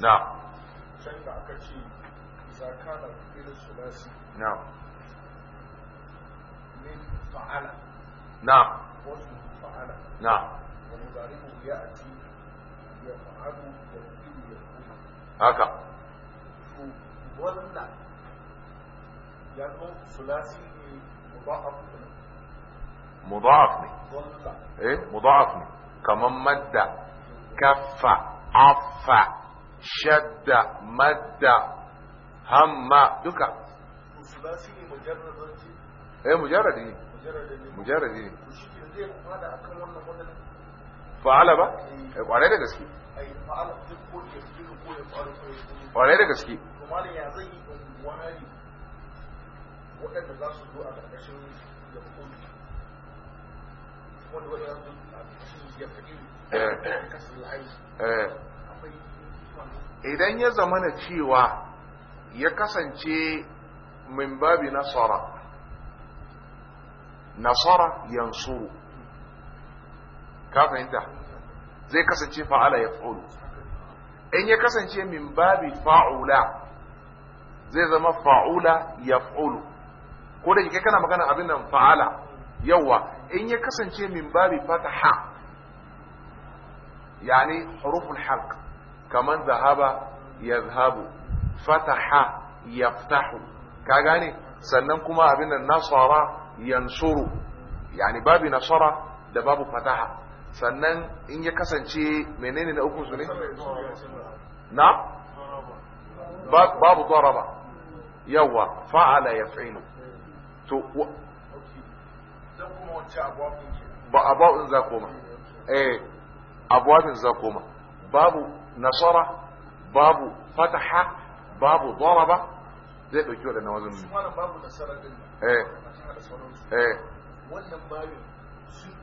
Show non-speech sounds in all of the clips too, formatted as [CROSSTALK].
نعم can da aka ce zakana fi'il sulasi na'am min fa'ala na'am wasu fa'ala na'am wa mudaribu ya'ti yaf'alu yaf'alu yaf'alu haka to wannan ya zo sulasi ne mudaf ne mudaf ne eh mudaf ne kaman madda kaffa affa شد مد هم دكا سلاسي مجرد ايه مجرد ايه مجرد ايه فعلا با إيه. إيه، وعلى ده جسكي وعلى ده جسكي وما لي يعزي وعلي وقت نزاس الدوء على الأشياء يقول وقت نزاس الدوء على الأشياء يفكين إيه. كسر العيش idan ya zamana cewa ya kasance min babi nasara nasara yansuru ka fahimta zai kasance fa'ala ya fa'ulu in ya kasance min babi fa'ula zai zama fa'ula ya fa'ulu ko da yake kana magana abin nan fa'ala yawa in ya kasance min babi fataha yani huruful halq kaman zahaba zahabu, fataha ya fitahu ka gane sannan kuma abin da nasara yansuru yani babi nasara da babu fataha sannan in ya kasance menene na uku su ne na babu daraba yawa fa'ala yaf'inu to ba abawin za koma eh abuwafin za koma babu نصر باب فتح باب ضرب زي دوكيو ده نوازم سبحان باب نصر ده ايه ايه ولا باب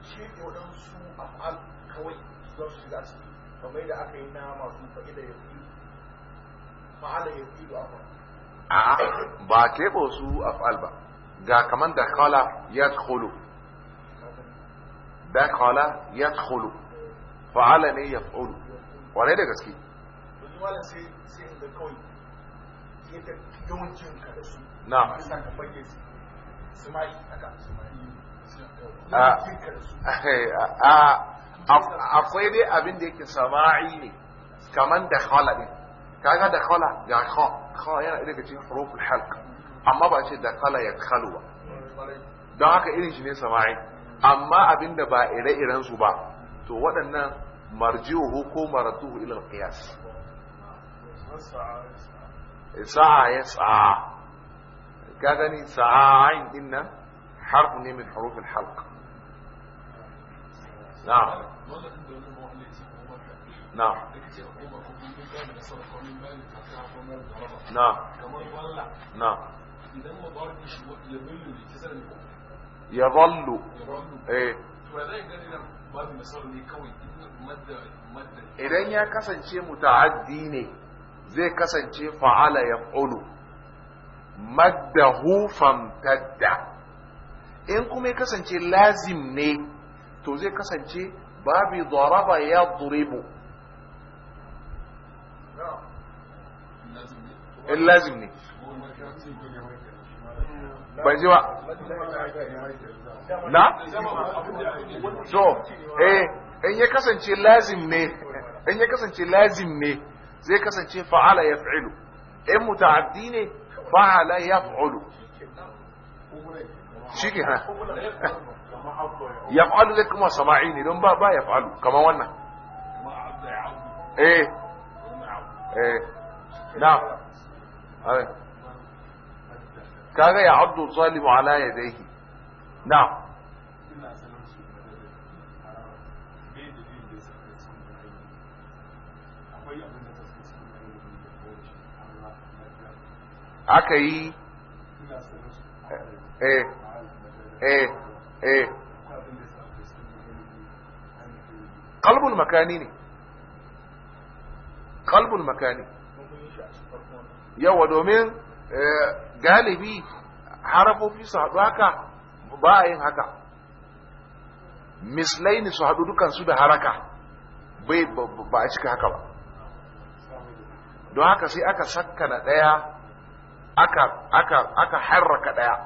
شيء ولا شو افعال قوي دوس في ذاتي فما اذا اكلنا ما في فائده يفيد فعل يفيد امر اه با كي بو سو افعال با جا كمان دخل يدخل دخل يدخل فعل ني يفعل يدخل kwarai da gaske [LAUGHS] akwai dai abin da yake sama'i ne kaman da khala din kaga da khala ya kha kha yana daga cikin huruful halka. amma ba ce da khala ya khalu don haka irin shi ne sama'i amma abin da ba ire-iren ba to waɗannan مرجوه كوم ردوه إلى القياس ساعة يسعى كذني ساعة عين إن حرف من حروف الحلق نعم نعم نعم نعم نعم نعم يظل ايه idan ya kasance muta'addi ne zai kasance fa'ala yaf'ulu maddahu famtadda in kuma ya kasance lazim ne to zai kasance babu daraba ya duribu in lazim ne ban ji ba na So? eh in ya kasance lazim ne in ya kasance lazim ne zai kasance fa'ala ya yaf'ilu in muta'addi ne fa'ala yaf'ulu shike ha yaf'alu zai kuma sama'i ne don ba ya yaf'alu kamar wannan eh eh na eh. kaga ya abdu zalimu ala yadayhi na aka yi eh eh eh, eh. kalbun makani ne kalbun makani yawa domin eh, galibi harafofi su haɗu haka ba a yin haka mislaini su haɗu dukansu da haraka bai ba a cika haka ba don haka sai aka sakkana ɗaya aka aka aka harraka ɗaya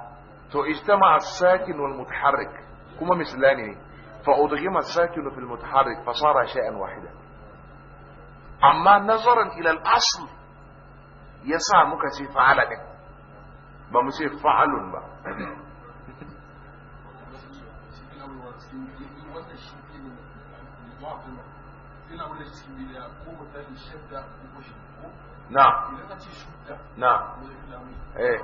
to ijtama as-sakin wal mutaharrik kuma mislani ne fa udghima as-sakin fil mutaharrik fa sara shay'an wahida amma nazaran ila al-asl yasa muka ce fa'ala din ba mu ce fa'alun ba cikin wanda shi ne yana wanda cikin bidiya ko shadda ko ko na idan ka ce shudda na eh.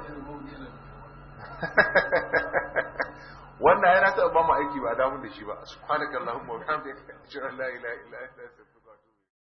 [LAUGHS] wannan yana taɓa ba mu aiki ba damu da shi ba su wa bihamdika